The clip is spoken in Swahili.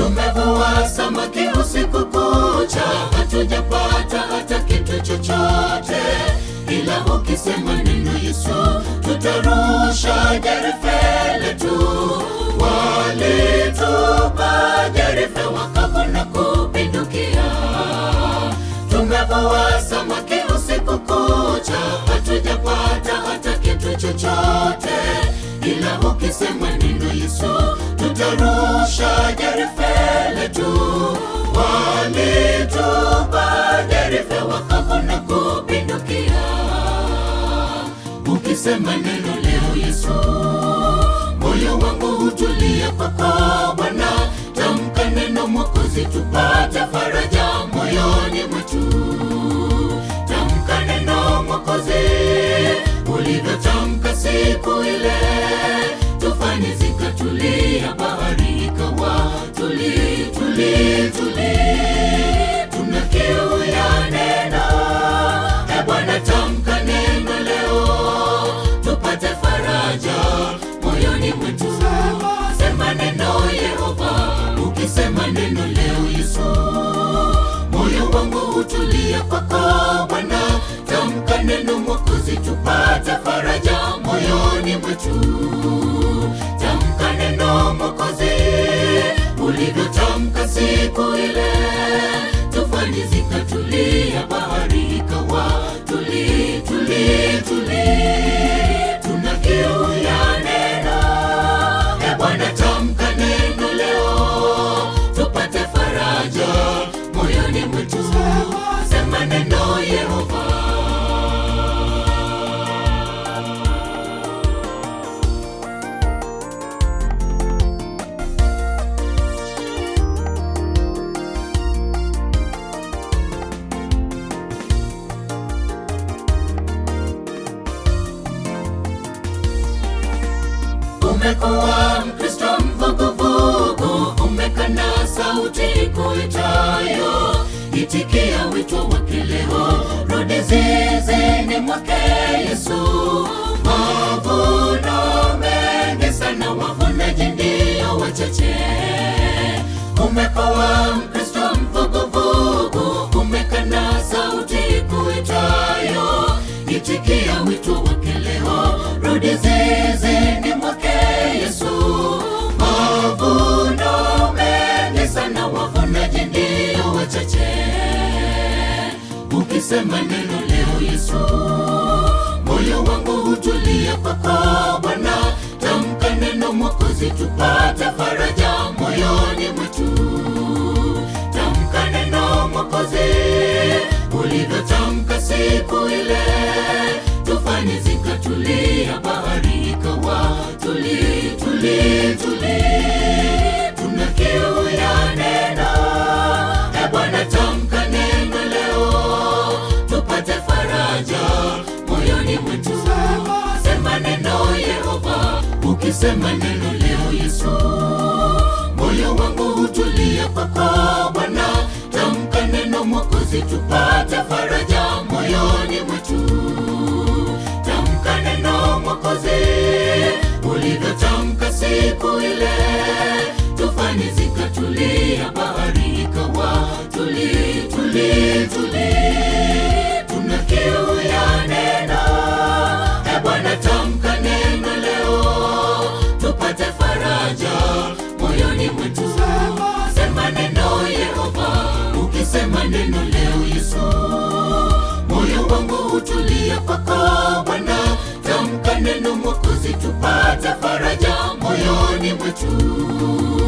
Tumevua samaki usiku kucha, hatujapata hata kitu chochote, ila ukisema neno Yesu, tutarusha jarife letu. Walitupa jarife na kupindukia. Tumevua samaki usiku kucha, hatujapata hata kitu chochote, ila ukisema neno Yesu, tutarusha Nyerife letu, walitupa Nyerife wakavuna kupindukia. Ukisema neno leo Yesu, moyo wangu hutulia kwako Bwana. Tamka neno mwakozi tupate faraja moyoni mwetu. Tamka neno mwakozi ulivyotamka siku ile, tufanye zikatulia bahari leo Yesu, moyo wangu utulie kwako Bwana, tamka neno Mwokozi, tupata faraja moyoni mwetu. Tamka neno Mwokozi, ulivyotamka siku ile, tufani zikatulia bahari kuwa Mkristo mvuguvugu, umekana sauti kuitayo. Itikia wito wake leo, rudi zizini mwake Yesu. Mavuno mengi sana, wavunaji ndio wachache. Umekuwa Mkristo mvuguvugu, umekana sauti kuitayo. Itikia wito wake leo, rudi sema neno leo Yesu, moyo wangu hutulia kwako Bwana, tamka neno Mwokozi tupate faraja moyoni mwetu. Sema neno leo Yesu, moyo wangu utulie kwako Bwana. Tamka neno Mwokozi, tupate faraja moyoni mwetu. Tamka neno Mwokozi ulivyotamka siku ile, tufani zikatulia, bahari ikawa tulia. neno leo Yesu, moyo wangu utulia kwako Bwana, tamka neno Mwokozi tupata faraja moyoni mwetu.